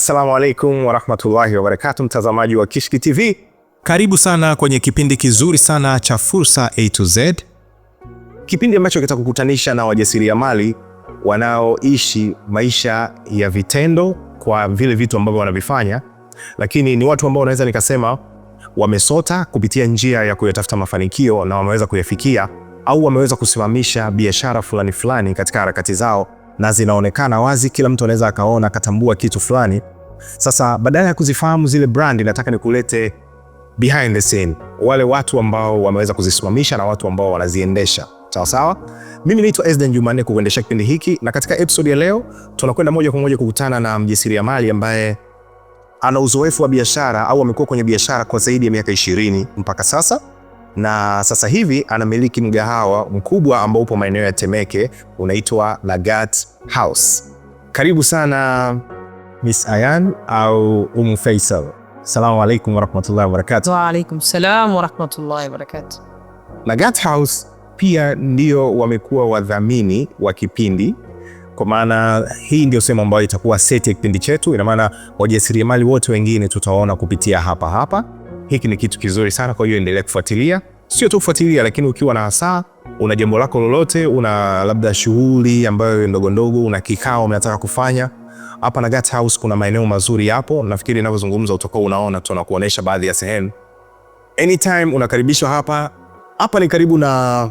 Assalamu alaikum warahmatullahi wabarakatu, mtazamaji wa Kishki TV, karibu sana kwenye kipindi kizuri sana cha Fursa A to Z, kipindi ambacho kitakukutanisha na wajasiriamali wanaoishi maisha ya vitendo kwa vile vitu ambavyo wanavifanya, lakini ni watu ambao wanaweza nikasema wamesota kupitia njia ya kuyatafuta mafanikio na wameweza kuyafikia, au wameweza kusimamisha biashara fulani fulani katika harakati zao na zinaonekana wazi, kila mtu anaweza akaona akatambua kitu fulani. Sasa badala ya kuzifahamu zile brand, nataka nikulete behind the scene, wale watu ambao wameweza kuzisimamisha na watu ambao wanaziendesha. Sawa sawa, mimi naitwa Ezden Jumanne kukuendesha kipindi hiki, na katika episode ya leo tunakwenda moja kwa moja kukutana na mjasiriamali ambaye ana uzoefu wa biashara au amekuwa kwenye biashara kwa zaidi ya miaka 20 mpaka sasa na sasa hivi anamiliki mgahawa mkubwa ambao upo maeneo ya Temeke unaitwa Lagat House. Karibu sana Miss Ayan au Um Faisal. Assalamu alaikum warahmatullahi wabarakatuh. Wa alaikum salam warahmatullahi wabarakatuh. Lagat House pia ndio wamekuwa wadhamini wa kipindi kwa maana hii ndio sehemu ambayo itakuwa seti ya kipindi chetu, ina maana wajasiriamali wote wengine tutawaona kupitia hapa hapa hiki ni kitu kizuri sana. Kwa hiyo endelea kufuatilia, sio tu kufuatilia, lakini ukiwa na hasa una jambo lako lolote, una labda shughuli ambayo ndogo ndogondogo, una kikao unataka kufanya hapa na Gat House kuna maeneo mazuri hapo. Nafikiri ninavyozungumza utakuwa unaona, tunakuonesha baadhi ya sehemu. Anytime unakaribishwa hapa. Hapa ni karibu na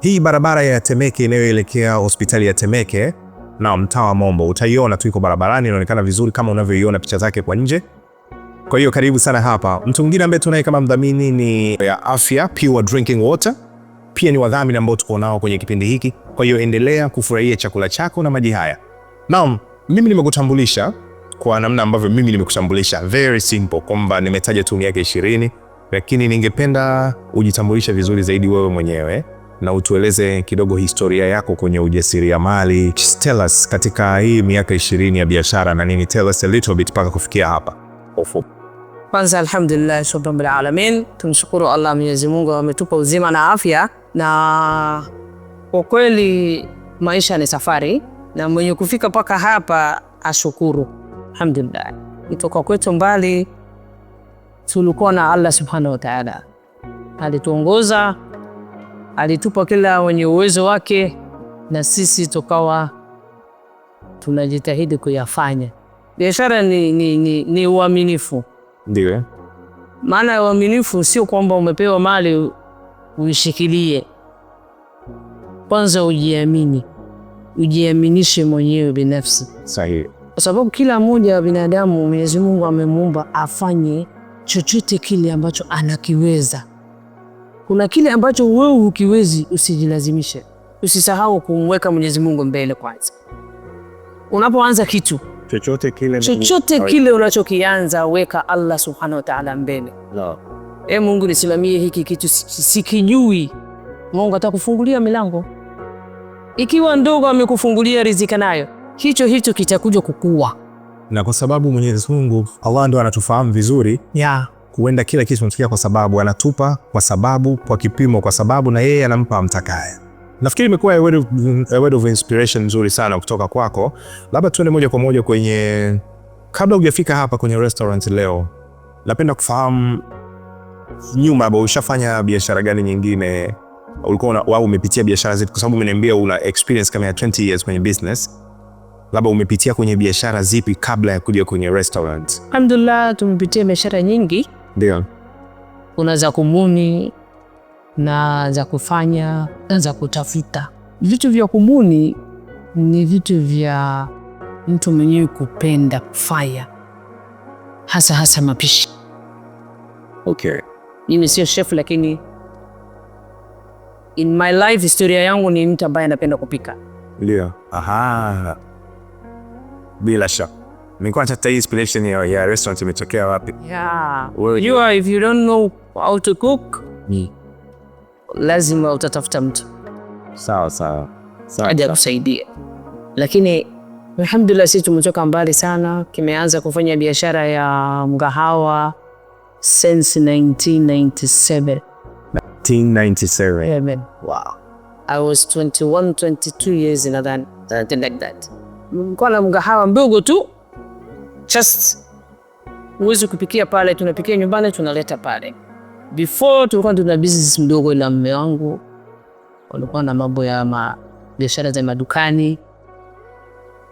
hii barabara ya Temeke inayoelekea hospitali ya Temeke na mtaa wa Mombo, utaiona tu iko barabarani, inaonekana vizuri kama unavyoiona picha zake kwa nje. Kwa hiyo karibu sana hapa. Mtu mwingine ambaye tunaye kama mdhamini ni ya afya Pure Drinking Water, pia ni wadhamini ambao tuko nao kwenye kipindi hiki. Kwa hiyo endelea kufurahia chakula chako na maji haya. Naam, mimi nimekutambulisha kwa namna ambavyo mimi nimekutambulisha, very simple, kwamba nimetaja tu miaka ishirini, lakini ningependa ujitambulisha vizuri zaidi wewe mwenyewe na utueleze kidogo historia yako kwenye ujasiriamali. Tell us katika hii miaka ishirini ya biashara na nini, tell us a little bit mpaka kufikia hapa. Kwanza alhamdulillah rabbil alamin, tumshukuru Allah Mwenyezi Mungu ametupa uzima na afya, na kwa kweli maisha ni safari, na mwenye kufika mpaka hapa ashukuru. Alhamdulillah, itoka kwetu mbali tulikuwa na Allah subhanahu wa ta'ala, alituongoza alitupa kila wenye uwezo wake, na sisi tukawa tunajitahidi kuyafanya. Biashara ni, ni, ni, ni uaminifu ndio, Maana ya uaminifu sio kwamba umepewa mali uishikilie. Kwanza ujiamini, ujiaminishe mwenyewe binafsi. Sahihi. Kwa sababu kila mmoja wa binadamu Mwenyezi Mungu amemuumba afanye chochote kile ambacho anakiweza. Kuna kile ambacho wewe ukiwezi usijilazimishe. Usisahau kumweka Mwenyezi Mungu mbele kwanza unapoanza kitu chochote kile, chochote kile unachokianza weka Allah subhanahu wa ta'ala mbele. No. E Mungu, nisimamie hiki kitu sikijui. Mungu atakufungulia milango, ikiwa ndogo amekufungulia riziki, nayo hicho hicho kitakuja kukua, na kwa sababu Mwenyezi Mungu Allah ndo anatufahamu vizuri yeah. Huenda kila kitu kinatokea kwa sababu anatupa, kwa sababu, kwa kipimo, kwa sababu na yeye anampa amtakaye. Nafikiri imekuwa a word of inspiration nzuri sana kutoka kwako. Labda tuende moja kwa moja kwenye, kabla hujafika hapa kwenye restaurant leo, napenda kufahamu nyuma, ushafanya biashara gani nyingine ulikuwa wao, umepitia biashara zipi? Kwa sababu umeniambia una experience kama ya 20 years kwenye business, labda umepitia kwenye biashara zipi kabla ya kuja kwenye restaurant? Alhamdulillah, tumepitia biashara nyingi, ndio unaweza kumuni na za kufanya na za kutafuta. Vitu vya kubuni ni vitu vya mtu mwenyewe kupenda kufanya, hasa hasa mapishi. Okay. Mimi sio chef lakini in my life historia yangu ni mtu ambaye anapenda kupika. Ndio. Aha. Bila shaka. Nilikuwa natafuta inspiration ya restaurant imetokea wapi? Yeah. You are, if you don't know how to cook, mm lazima utatafuta mtu sawa sawa sawa aje akusaidia, lakini alhamdulillah sisi tumetoka mbali sana. Kimeanza kufanya biashara ya mgahawa since 1997. 1997. Wow. I was 21, 22 years in nadhani, something like that. Mko na mgahawa mdogo tu just uwezi kupikia pale, tunapikia nyumbani tunaleta pale Before tulikuwa tuna business mdogo, na mume wangu walikuwa na mambo ya ma, biashara za madukani,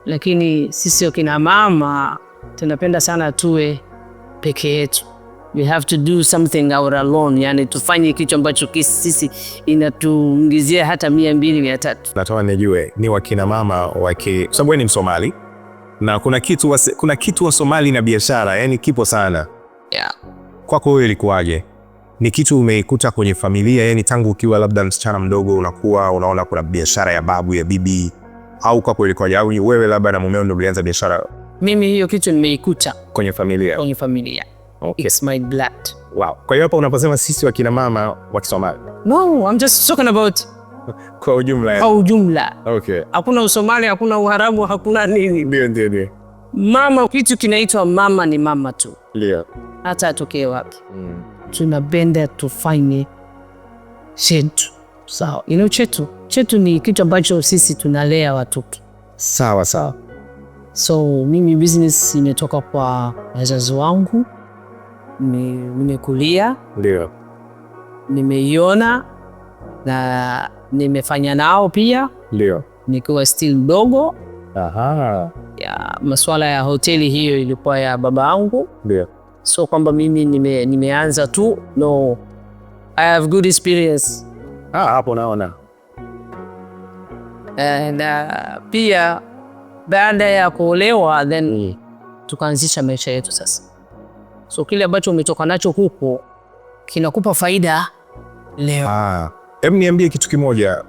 lakini sisi wakina mama tunapenda sana tuwe peke yetu. We have to do something our alone, yani tufanye kitu ambacho sisi inatuingizia hata mia mbili mia tatu. nijue ni wakina mama wake, sababu ni Msomali na kuna kitu wa, kuna kitu wa Somali na biashara yani kipo sana yeah. Kwako wewe ilikuwaje? ni kitu umeikuta kwenye familia, yani tangu ukiwa labda msichana mdogo, unakuwa unaona kuna biashara ya babu ya bibi, au kwa kweli kwa jamii, wewe labda na mumeo ndio mlianza biashara? Mimi hiyo kitu nimeikuta kwenye familia, kwenye familia. Okay. It's my blood. Wow. Kwa hiyo hapa unaposema sisi wakina mama wa Kisomali. No, I'm just talking about kwa ujumla. Kwa ujumla. Okay. Hakuna Usomali, hakuna Uharabu, hakuna nini. Ndio, ndio, ndio. Mama, kitu kinaitwa mama ni mama tu. Ndio. Hata atokee wapi. Mm tunapenda tufanye chetu sawa. Ilo chetu chetu ni kitu ambacho sisi tunalea watoto sawa sawa. So mimi business imetoka kwa wazazi wangu, nimekulia ndio nimeiona na nimefanya nao pia ndio nikiwa still mdogo. Aha. Ya, masuala ya hoteli hiyo ilikuwa ya baba yangu ndio sio kwamba mimi nime, nimeanza tu no, I have good experience. Ah, hapo naona and uh, pia baada ya kuolewa then mm. tukaanzisha maisha yetu sasa. So kile ambacho umetoka nacho huko kinakupa faida leo. Ah, niambie kitu kimoja,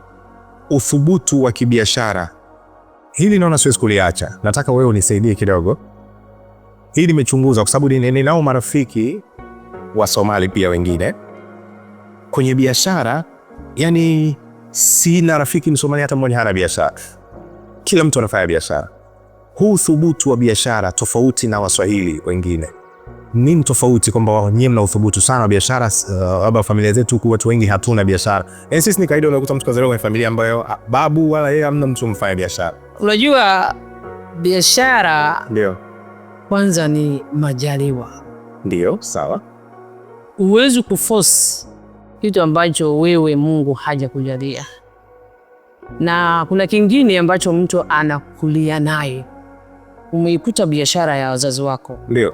uthubutu wa kibiashara hili naona siwezi kuliacha, nataka wewe unisaidie kidogo hii nimechunguza kwa sababu ninao marafiki wa Somali pia wengine kwenye biashara. Yani sina rafiki Msomali hata mmoja hana biashara, kila mtu anafanya biashara. Huu thubutu wa biashara tofauti na Waswahili wengine nini tofauti kwamba wao wenyewe mna uthubutu sana wa biashara. Uh, labda uh, familia zetu huku watu wengi hatuna biashara. Yani sisi ni kawaida, unakuta mtu kazaliwa kwenye familia ambayo ah, babu wala yeye hamna mtu mfanya biashara. Unajua biashara ndio kwanza ni majaliwa. ndio sawa. Huwezi kuforce kitu ambacho wewe Mungu hajakujalia, na kuna kingine ambacho mtu anakulia naye. Umeikuta biashara ya wazazi wako, ndio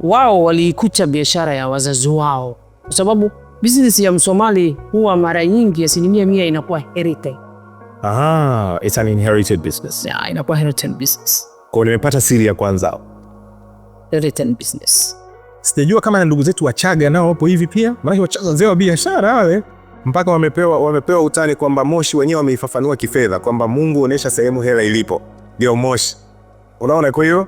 wao waliikuta biashara ya wazazi wao, kwa sababu bizinesi ya Msomali huwa mara nyingi asilimia mia inakuwa heritage. Ah, it's an inherited business. Yeah, inakuwa inherited business. Kwa nimepata siri ya kwanza business. Sijajua kama na ndugu zetu Wachaga nao wapo hivi pia, maana wazee wa biashara wale mpaka wamepewa, wamepewa utani kwamba Moshi wenyewe wameifafanua kifedha kwamba Mungu huonyesha sehemu hela ilipo, ndio Moshi. Unaona, kwa hiyo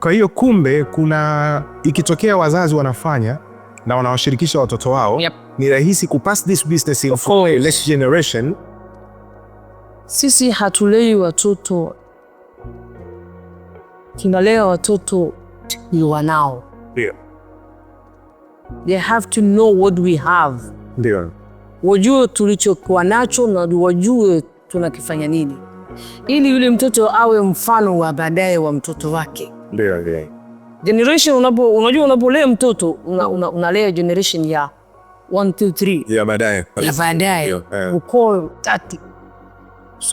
kwa hiyo kumbe kuna ikitokea wazazi wanafanya na wanawashirikisha watoto wao yep. Ni rahisi kupass this business in next generation. Sisi hatulei watoto, tunalea watoto what you are now. Ndio. They have to know what we have. Ndio. Wajue tulichokuwa nacho na wajue tunakifanya nini, ili yule mtoto awe mfano wa baadaye wa mtoto wake. Ndio, ndio. Generation unapo, unajua unapolea mtoto unalea una, una generation ya 1 2 3 ya baadaye ya baadaye eh. ukoo tatu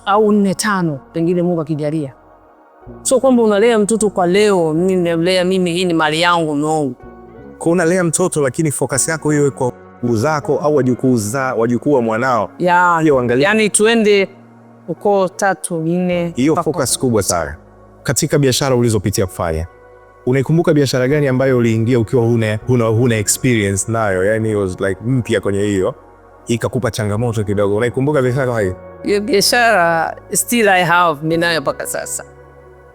au nne tano pengine Mungu akijalia Sio kwamba unalea mtoto kwa leo, mimi nimemlea mimi, hii ni mali yangu Mungu. Kwa unalea mtoto lakini focus yako hiyo iko uzako au wajukuu za wajukuu wa mwanao. Ya, yani tuende uko tatu nne. Hiyo focus kubwa sana. Katika biashara ulizopitia kufanya, unaikumbuka biashara gani ambayo uliingia ukiwa huna, huna, huna experience nayo, yani was like mpya kwenye hiyo ikakupa changamoto kidogo, unaikumbuka biashara hiyo? Hiyo biashara still I have minayo mpaka sasa.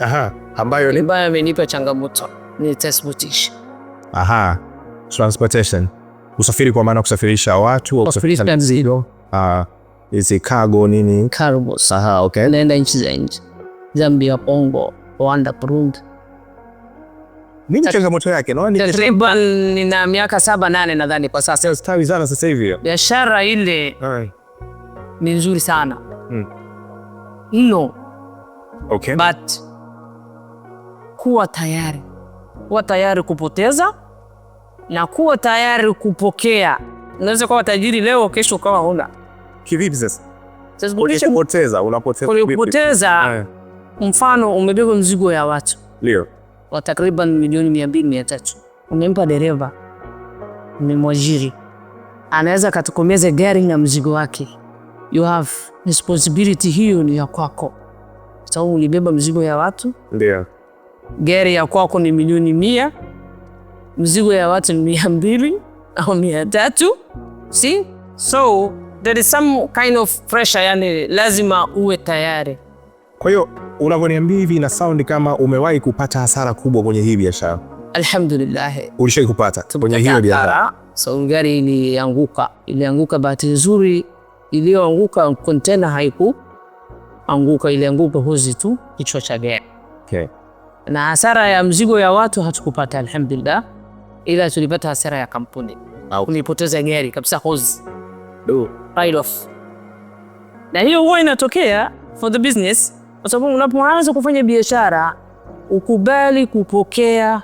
Aha, ambayo ni ambayo amenipa changamoto ni transportation. Aha, transportation, usafiri kwa maana kusafirisha watu au kusafirisha mzigo. Ah, hizi cargo nini? Cargo. Aha, okay. Naenda nchi za nje, Zambia, Kongo, Rwanda, Burundi. Nini changamoto yake? Naona takriban nina miaka saba nane nadhani kwa sasa. Sasa stawi sana sasa hivi. Biashara ile ni nzuri sana. Mm. No. Okay. But kuwa tayari, kuwa tayari kupoteza na kuwa tayari kupokea. Unaweza kuwa tajiri leo, kesho ukawa huna. Kivipi sasa? Ulipoteza, ulipoteza. Eh. Mfano, umebeba mzigo ya watu leo wa takriban milioni mia mbili mia tatu umempa dereva, umemwajiri, anaweza akatokomeza gari na mzigo wake. You have responsibility, hiyo ni ya kwako, sababu ulibeba mzigo ya watu ndio gari ya kwako ni milioni mia, mzigo ya watu ni mia mbili au mia tatu. See? So there is some kind of pressure, yani lazima uwe tayari. Kwa hiyo unavyoniambia hivi ina sound kama umewahi kupata hasara kubwa kwenye hii biashara. Alhamdulillah. Ulishawahi kupata kwenye hii biashara? So gari ilianguka, ilianguka bahati nzuri, iliyoanguka container haiku anguka, ilianguka hozi tu kichwa cha gari. Okay na hasara ya mzigo ya watu hatukupata, alhamdulillah, ila tulipata hasara ya kampuni. Nilipoteza gari kabisa, hose. Do. right off, na hiyo huwa inatokea for the business, kwa sababu unapoanza kufanya biashara ukubali kupokea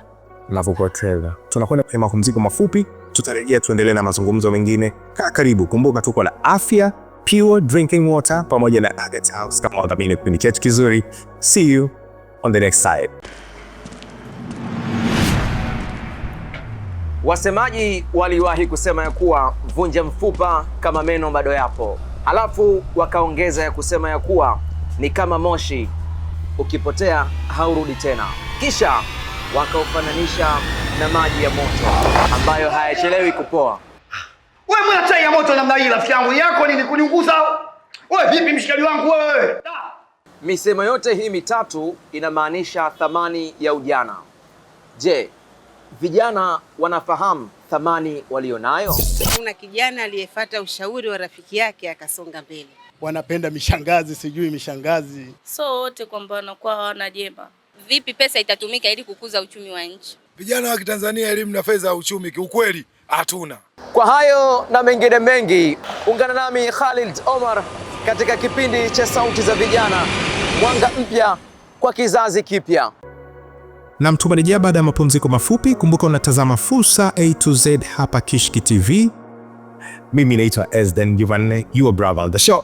navyopoteza. Tunakwenda kwenye mapumziko mafupi, tutarejea tuendelee na mazungumzo mengine. Kaa karibu, kumbuka tuko na afya Pure Drinking Water pamoja na Agate House kama wadhamini kipindi chetu kizuri. See you on the next side. Wasemaji waliwahi kusema ya kuwa vunja mfupa kama meno bado yapo, halafu wakaongeza ya kusema ya kuwa ni kama moshi, ukipotea haurudi tena, kisha wakaufananisha na maji ya moto ambayo hayachelewi kupoa. Wewe mwana chai ya moto namna hii, rafiki yangu, yako nini wewe? Vipi mshikaji wangu wewe? Misemo yote hii mitatu inamaanisha thamani ya ujana. Je, vijana wanafahamu thamani walionayo? Kuna kijana aliyefuata ushauri wa rafiki yake akasonga mbele. Wanapenda mishangazi, sijui mishangazi, so wote kwamba wanakuwa hawana jema. Vipi pesa itatumika ili kukuza uchumi wa nchi? Vijana wa Kitanzania, elimu na fedha ya uchumi kiukweli hatuna. Kwa hayo na mengine mengi, ungana nami Khalid Omar katika kipindi cha Sauti za Vijana, mwanga mpya kwa kizazi kipya. Na mtumarejea baada ya mapumziko mafupi. Kumbuka unatazama Fursa A to Z hapa Kishki TV. Mimi naitwa Ezden Givanne, your brother on the show.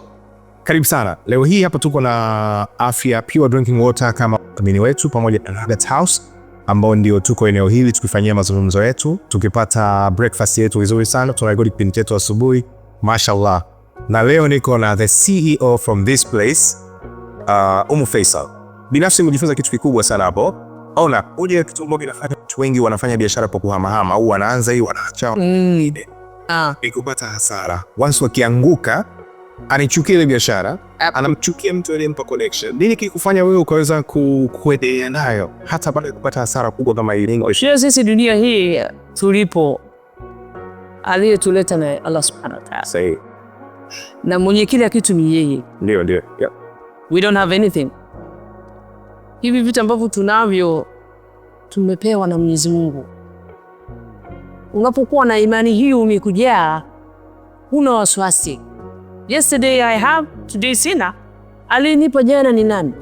Karibu sana. Leo hii hapa tuko na Afya Pure Drinking Water kama mdhamini wetu pamoja na Nugget House ambao ndio tuko eneo hili tukifanyia mazungumzo yetu, tukipata breakfast yetu vizuri sana. Tunarekodi kipindi chetu asubuhi, mashallah na leo niko na the CEO from this place uh, Umu Faisal. Binafsi nimejifunza kitu kikubwa sana hapo. Ona, uje kitu ambacho kinafanya watu wengi wanafanya biashara kwa kuhamahama au wanaanza hii wanaacha. Mm. Ah. Ikupata hasara. Once wakianguka anichukia ile biashara, anamchukia mtu aliyempa connection. Nini kikufanya wewe ukaweza kuendelea nayo hata baada ya kupata hasara kubwa kama hii? Sisi dunia hii tulipo, aliyetuleta na Allah Subhanahu wa Ta'ala. Sahihi na mwenye kila kitu ni yeye. Ndio, ndio. Yeah. We don't have anything. Hivi vitu ambavyo tunavyo tumepewa na Mwenyezi Mungu. Unapokuwa na imani hiyo umekujaa, huna wasiwasi. Yesterday I have, today sina. Alinipa jana ni nani?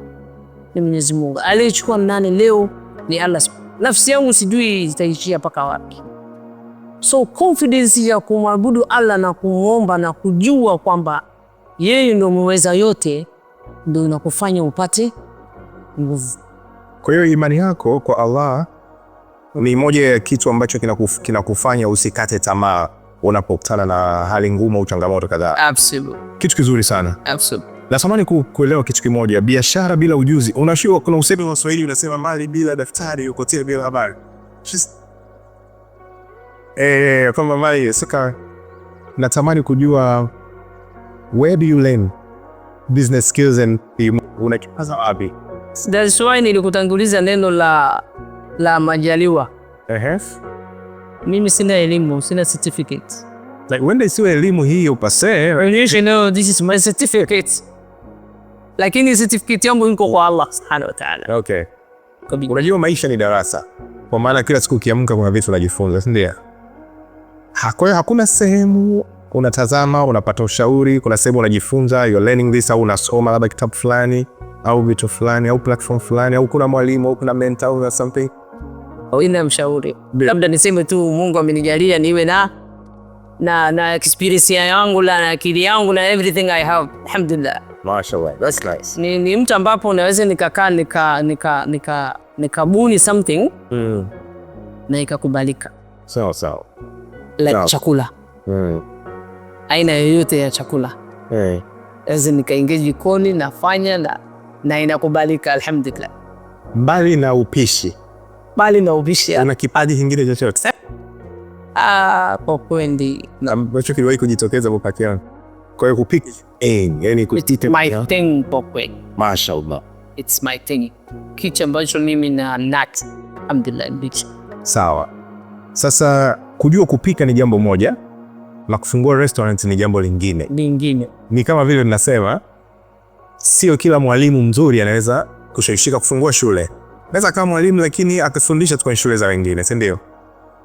Ni Mwenyezi Mungu. Aliyechukua nani leo ni Allah. Nafsi yangu sijui itaishia mpaka wapi. So confidence ya kumwabudu Allah na kumwomba na kujua kwamba yeye ndio muweza yote ndio inakufanya upate nguvu. Kwa hiyo imani yako kwa Allah ni moja ya kitu ambacho kinakuf, kinakufanya usikate tamaa unapokutana na hali ngumu au changamoto kadhaa. Absolutely. Kitu kizuri sana. Absolutely. ku, kuelewa kitu kimoja, biashara bila ujuzi. unashiwa kuna usemi wa Kiswahili unasema mali bila daftari ukotea bila habari eh, kwamba mai saka, natamani kujua where do you learn business skills and unakipaza wapi? That's why nilikutanguliza neno la la majaliwa. Uh-huh. Mimi sina elimu, sina certificate. Like when they see elimu hii upase, you know this is my certificate. Lakini certificate yangu iko kwa Allah Subhanahu wa Ta'ala. Okay. Unajua maisha ni darasa. Kwa maana kila siku ukiamka kuna vitu unajifunza, si ndio? Kwa hiyo hakuna sehemu unatazama unapata ushauri, kuna sehemu unajifunza you're learning this, au unasoma labda kitabu fulani au vitu fulani au platform fulani au kuna mwalimu au kuna mentor au something ina mshauri labda niseme tu Mungu amenijalia niwe na na na experience yangu na akili yangu na everything I have alhamdulillah, mashallah that's nice. Ni, ni mtu ambapo naweza nikakaa nika nika nika nikabuni something mm. na ikakubalika sawa sawa like no. chakula mm. aina yoyote ya chakula mm. Lazima nikaingia jikoni nafanya na, na inakubalika alhamdulillah. Mbali na upishi, mbali na upishi, una kipaji kingine chochote ah, kwa kweli ambacho kiliwahi kujitokeza kwa kati yangu? Kwa hiyo kupika, yani my thing kwa kweli, mashaallah, it's my thing, kitu ambacho mimi na nat alhamdulillah. Sawa. Sasa kujua kupika ni jambo moja na kufungua restaurant ni jambo lingine. Lingine. Ni kama vile ninasema sio kila mwalimu mzuri anaweza kushawishika kufungua shule. Naweza kama mwalimu lakini akafundisha tu kwenye shule za wengine, si ndio?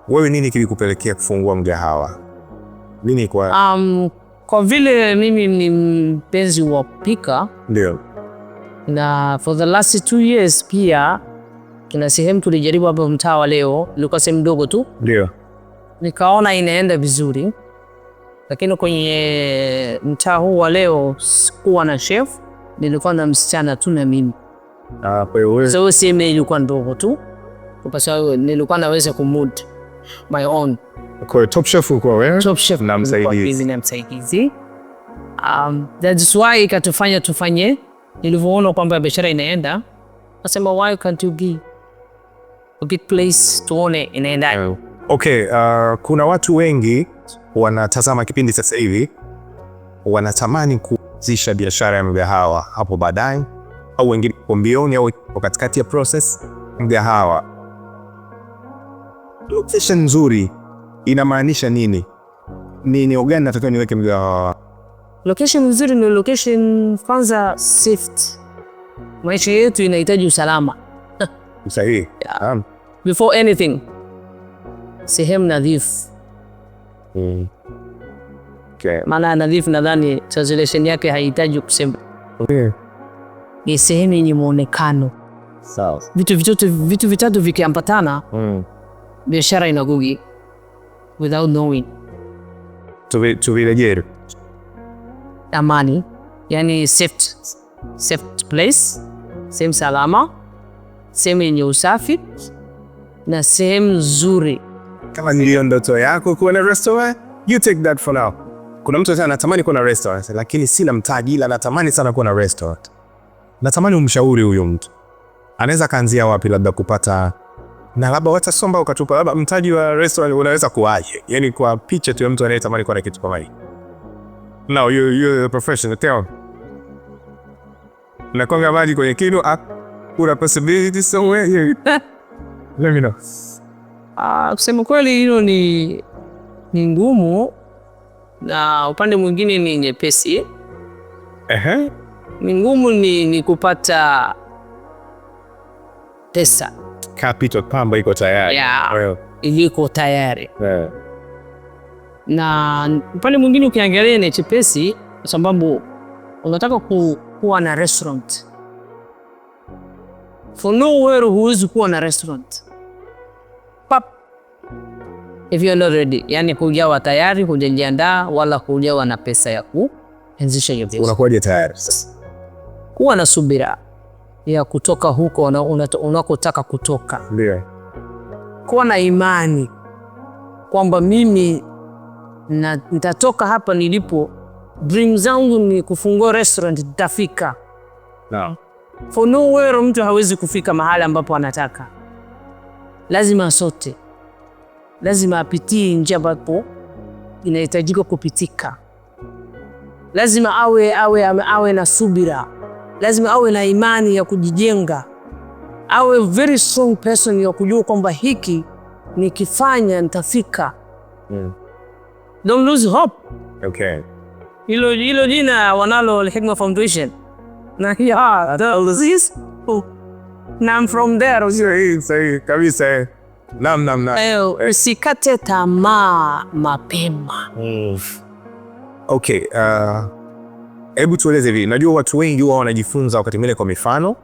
Wewe nini kilikupelekea kufungua mgahawa? Nini kwa um, kwa vile mimi ni mpenzi wa kupika. Ndio. Na for the last two years pia kuna sehemu tulijaribu hapo mtaa wa leo, ilikuwa sehemu ndogo tu, ndio nikaona inaenda vizuri, lakini kwenye mtaa huu wa leo sikuwa na chef, nilikuwa na msichana tu na mimi. Ah, kwa hiyo so sehemu ilikuwa ndogo tu, kwa sababu nilikuwa naweza kumud my own. Kwa top chef uko wewe, top chef na msaidizi na msaidizi. Um, that's why ikatufanya tufanye, nilivyoona kwamba biashara inaenda, nasema why can't you give Marketplace tuone inaenda. Okay, uh, kuna watu wengi wanatazama kipindi sasa hivi wanatamani kuanzisha biashara ya mgahawa hapo baadaye, au wengine kwa mbioni au katikati ya process mgahawa. Location nzuri inamaanisha nini? Ni eneo gani natakiwa niweke mgahawa? Location nzuri ni location kwanza, safety. Maisha yetu inahitaji usalama Usahihi. Yeah. Um. Before anything. Sehemu nadhifu. Mm. Okay. Maana nadhifu nadhani translation yake haihitaji kusema. Okay. Ni sehemu yenye muonekano. Sawa. Vitu vitatu vitu vitatu vikiambatana, mm. biashara inagugi without knowing. Tuvirejee. Amani, yani safe safe place, sehemu salama sehemu yenye usafi na sehemu nzuri. Kama ndio ndoto yako kuwa na restaurant, you take that for now. Kuna mtu anatamani kuwa na restaurant, lakini sina mtaji, ila natamani sana kuwa na restaurant. Natamani umshauri huyo mtu anaweza kaanzia wapi, labda kupata na labda watasomba ukatupa labda mtaji wa restaurant unaweza kuaje? Yani kwa picha tu ya mtu anayetamani kuwa na kitu kama hiki. No, you you the professional tell. Na konga maji kwenye kinu ah, kuna possibility somewhere here. Let me know. Ah, kusema kweli hilo ni ni ngumu na upande mwingine ni nyepesi. Ehe. Ni ngumu ni, ni kupata pesa. Capital pamba iko tayari. Yeah. Well. Iko tayari. Yeah. Na upande mwingine ukiangalia ni chepesi kwa sababu unataka ku, kuwa na restaurant For nowhere huwezi kuwa na restaurant pap if not ready, yani hujawa tayari, hujajiandaa wala hujawa na pesa ya kuanzisha hiyo biashara. Unakuwaje tayari sasa? Kuwa na subira ya kutoka huko unakotaka kutoka. Ndio. Kuwa na imani kwamba mimi na, nitatoka hapa nilipo, dream zangu ni kufungua restaurant, nitafika no. For nowhere mtu hawezi kufika mahali ambapo anataka, lazima asote, lazima apitie njia ambapo inahitajika kupitika, lazima awe, awe, awe na subira, lazima awe na imani ya kujijenga, awe very strong person ya kujua kwamba hiki nikifanya nitafika. Mm. Don't lose hope. Okay. Hilo jina wanalo Al-Hikma Foundation from there kabisa. Usikate tamaa mapema. Okay, hebu uh, tueleze hivi. Najua watu wengi huwa wanajifunza wakati mwingine kwa mifano.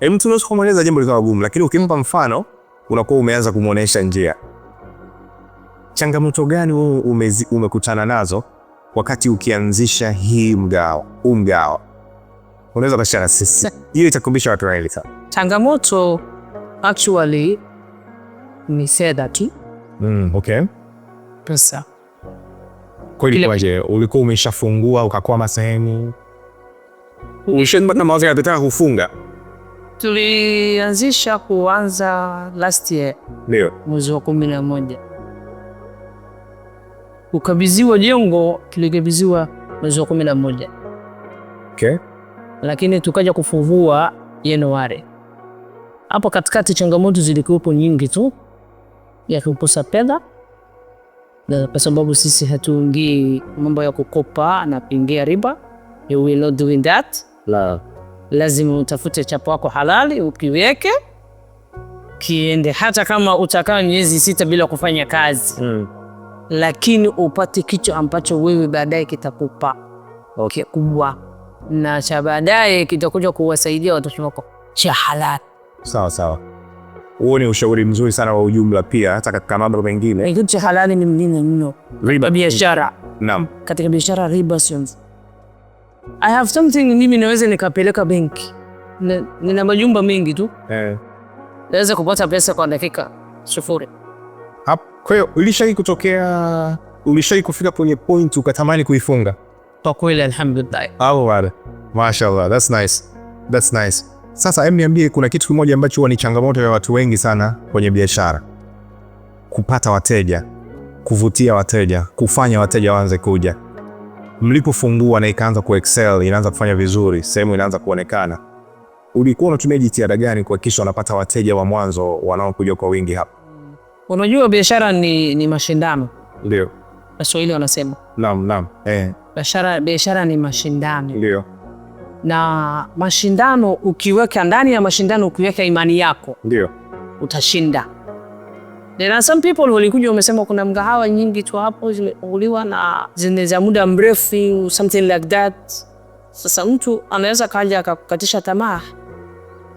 Hebu tunaweza kumweleza jambo likawa gumu, lakini ukimpa mfano unakuwa umeanza kumwonyesha njia. Changamoto gani wewe umekutana nazo wakati ukianzisha hii mgawa, huu mgawa? unaweza kushare na sisi Hiyo itakumbisha watu wengi Changamoto actually ni fedha tu. Mm, okay. Pesa. Kwa kwaje, ulikuwa umeshafungua ukakwama sehemu? Ushenbana mawazo ya kufunga? Tulianzisha kuanza last year. Ndio. Mwezi wa kumi na moja ukabiziwa jengo, kilikabiziwa mwezi wa kumi na moja. Okay lakini tukaja kufungua Januari. Hapo katikati changamoto zilikuwepo nyingi tu ya kukosa fedha, kwa sababu sisi hatuingii mambo ya kukopa na kuingia riba. You will not doing that. La. Lazima utafute chapo wako halali ukiweke kiende, hata kama utakaa miezi sita bila kufanya kazi mm. Lakini upate kicho ambacho wewe baadaye kitakupa okay, kubwa na cha baadaye kitakuja kuwasaidia watoto wako cha halali. Sawa sawa, huo ni ushauri mzuri sana wa ujumla, pia hata katika mambo mengine. Kitu cha halali ni mnene mno, riba biashara. Naam, katika biashara riba sio nzuri. I have something mimi naweza nikapeleka benki, nina majumba mengi tu eh, naweza kupata pesa kwa dakika sufuri. Kwa hiyo ulishai kutokea, ulishai kufika kwenye point ukatamani kuifunga? Kwa alhamdulillah. Au that's nice. That's nice. Sasa hebu niambie kuna kitu kimoja ambacho huwa ni changamoto ya watu wengi sana kwenye biashara. Kupata wateja, kuvutia wateja, kufanya wateja waanze kuja. Mlipofungua na ikaanza ku excel, inaanza kufanya vizuri, sehemu inaanza kuonekana. Ulikuwa unatumia jitihada gani kuhakikisha unapata wateja wa mwanzo wanaokuja kwa wingi hapa? Unajua biashara ni, ni mashindano. Ndio. Waswahili wanasema. Naam, naam. Eh biashara biashara ni mashindano. Ndio. Na mashindano ukiweka ndani ya mashindano ukiweka imani yako. Ndio. Utashinda. There are some people walikuja wamesema kuna mgahawa nyingi tu hapo zimeuliwa na zine za muda mrefu something like that. Sasa mtu anaweza kaja akakatisha tamaa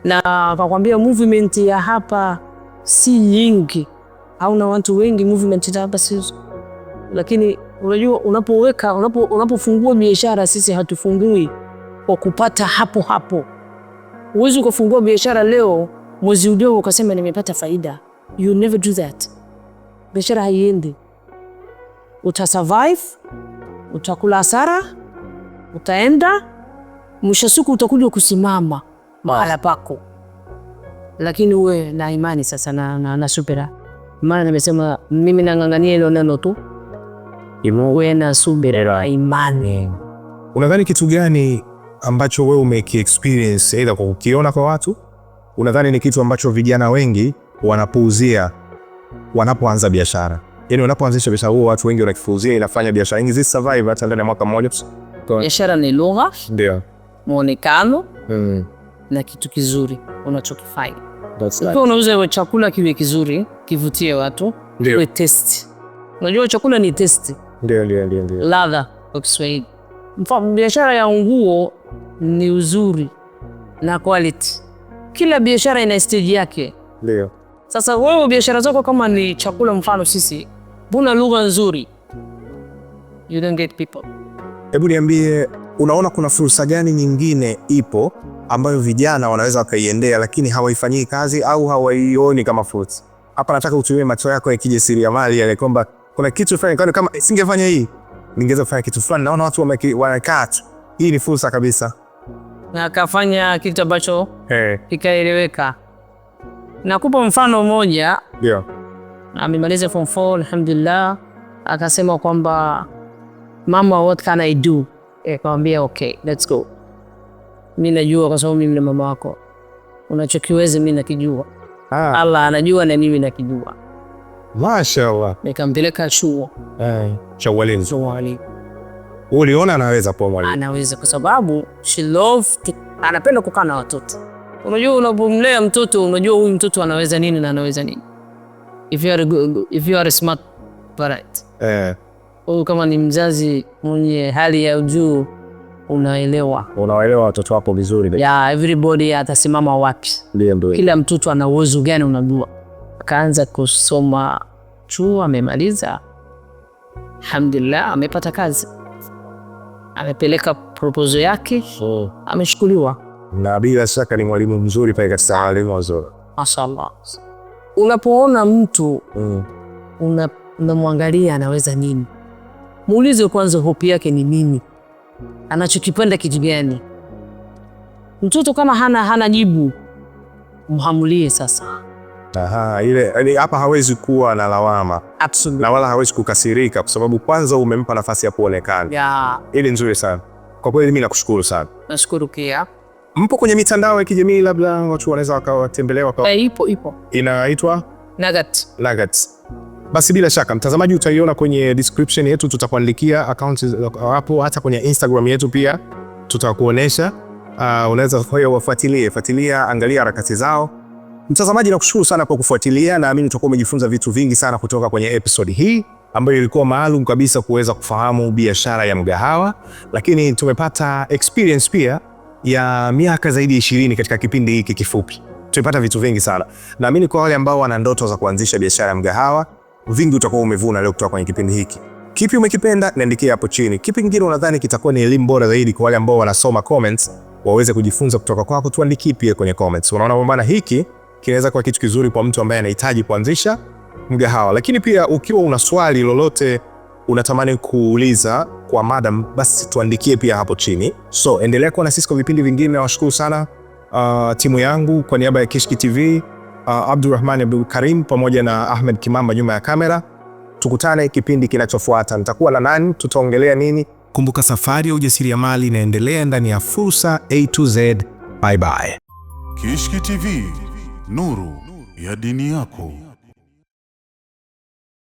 na akakwambia movement ya hapa si nyingi, hauna watu wengi, movement hapa si, lakini Unajua, unapoweka unapofungua unapo biashara, sisi hatufungui kwa kupata hapo hapo. Huwezi ukafungua biashara leo mwezi ujao ukasema nimepata faida. You never do that, biashara haiendi. survive, utakula hasara, utaenda mwisho siku utakuja kusimama mahala pako, lakini uwe na imani sasa na, na, na supera Maana nimesema mimi nang'ang'ania hilo neno tu imuwena subira imani. Mm. Unadhani kitu gani ambacho wewe umekiexperience aidha kwa kukiona kwa watu, unadhani ni kitu ambacho vijana wengi wanapuuzia wanapoanza biashara? Yani wanapoanzisha biashara huo watu wengi wanakifuuzia, inafanya biashara nyingi zisi survive hata ndani ya mwaka mmoja. Biashara ni lugha, ndio muonekano mm. na kitu kizuri unachokifanya. That's right. Unauza chakula kiwe kizuri, kivutie watu, kiwe test. Unajua chakula ni testi ndio ndio ndio ndio ladha kwa Kiswahili. Mfano, biashara ya nguo ni uzuri na quality. Kila biashara ina stage yake. Ndio. Sasa wewe biashara zako kama ni chakula, mfano sisi, buna lugha nzuri, you don't get people. Hebu niambie, unaona kuna fursa gani nyingine ipo ambayo vijana wanaweza wakaiendea, lakini hawaifanyii kazi au hawaioni kama fursa? Hapa nataka utumie macho yako ya kijasiriamali yale kwamba kuna kitu fulani kama singefanya hii ningeweza kufanya kitu fulani. Naona watu wamekaa tu, hii ni fursa kabisa, na akafanya kitu ambacho hey, kikaeleweka. Nakupa mfano mmoja, ndio amemaliza form 4 alhamdulillah, akasema kwamba mama, what can I do? Eh, akamwambia okay, let's go. Mi najua kwa sababu mimi na mama wako, unachokiweza mi nakijua. Ah, Allah anajua na mimi nakijua mashallah Nikampeleka chuo eh, cha ualimu. Uliona anaweza kuwa mwalimu? Anaweza kwa sababu she love anapenda kukaa na watoto. Unajua unapomlea mtoto unajua huyu mtoto anaweza nini na anaweza nini. If you are good, if you are smart parent. Eh. Au kama ni mzazi mwenye hali ya juu unaelewa. Unaelewa watoto wako vizuri. Yeah, everybody atasimama wapi. Kila mtoto ana uwezo gani unajua akaanza kusoma chuo, amemaliza, alhamdulillah, amepata kazi, amepeleka proposal yake oh. Ameshukuliwa na bila shaka ni mwalimu mzuri pale katika taaluma nzuri, mashallah. Unapoona mtu mm. unamwangalia una anaweza nini, muulize kwanza hopi yake ni nini, anachokipenda kitu gani. Mtoto kama hana hana jibu, mhamulie sasa Aha, ile yani hapa hawezi kuwa na lawama Absolutely. na wala hawezi kukasirika kwa sababu kwanza umempa nafasi ya kuonekana yeah. Ile nzuri sana kwa kweli, mimi nakushukuru sana. Nashukuru pia. Mpo kwenye mitandao ya kijamii, labda watu wanaweza wakawatembelewa kwa... Eh, ipo ipo, inaitwa Nugget. Nugget. Basi bila shaka mtazamaji, utaiona kwenye description yetu, tutakuandikia account hapo, hata kwenye Instagram yetu pia tutakuonesha. Uh, unaweza kwa hiyo wafuatilie fuatilia, angalia harakati zao Mtazamaji, nakushukuru sana kwa kufuatilia, naamini utakuwa umejifunza vitu vingi sana kutoka kwenye episode hii ambayo ilikuwa maalum kabisa kuweza kufahamu biashara ya mgahawa, lakini tumepata experience pia ya miaka zaidi ya ishirini katika kipindi hiki kifupi. Tumepata vitu vingi sana. Naamini kwa wale ambao wana ndoto za kuanzisha biashara ya mgahawa, vingi utakuwa umevuna leo kutoka kwenye kipindi hiki. Kipi umekipenda? Niandikie hapo chini. Kipi kingine unadhani kitakuwa ni elimu bora zaidi kwa wale ambao wanasoma comments waweze kujifunza kutoka kwako? Tuandikie pia kwenye comments. Unaona, pambana hiki kinaweza kuwa kitu kizuri kwa mtu ambaye anahitaji kuanzisha mgahawa. Lakini pia ukiwa una swali lolote unatamani kuuliza kwa madam, basi tuandikie pia hapo chini. So endelea kuwa na sisi kwa vipindi vingine. Nawashukuru sana uh, timu yangu kwa niaba ya Kishki TV uh, Abdurrahman Abdul Karim pamoja na Ahmed Kimamba nyuma ya kamera. Tukutane kipindi kinachofuata. Nitakuwa na nani, tutaongelea nini? Kumbuka safari ya ujasiriamali inaendelea ndani ya Fursa A to Z. Bye bye. Kishki TV nuru ya dini yako.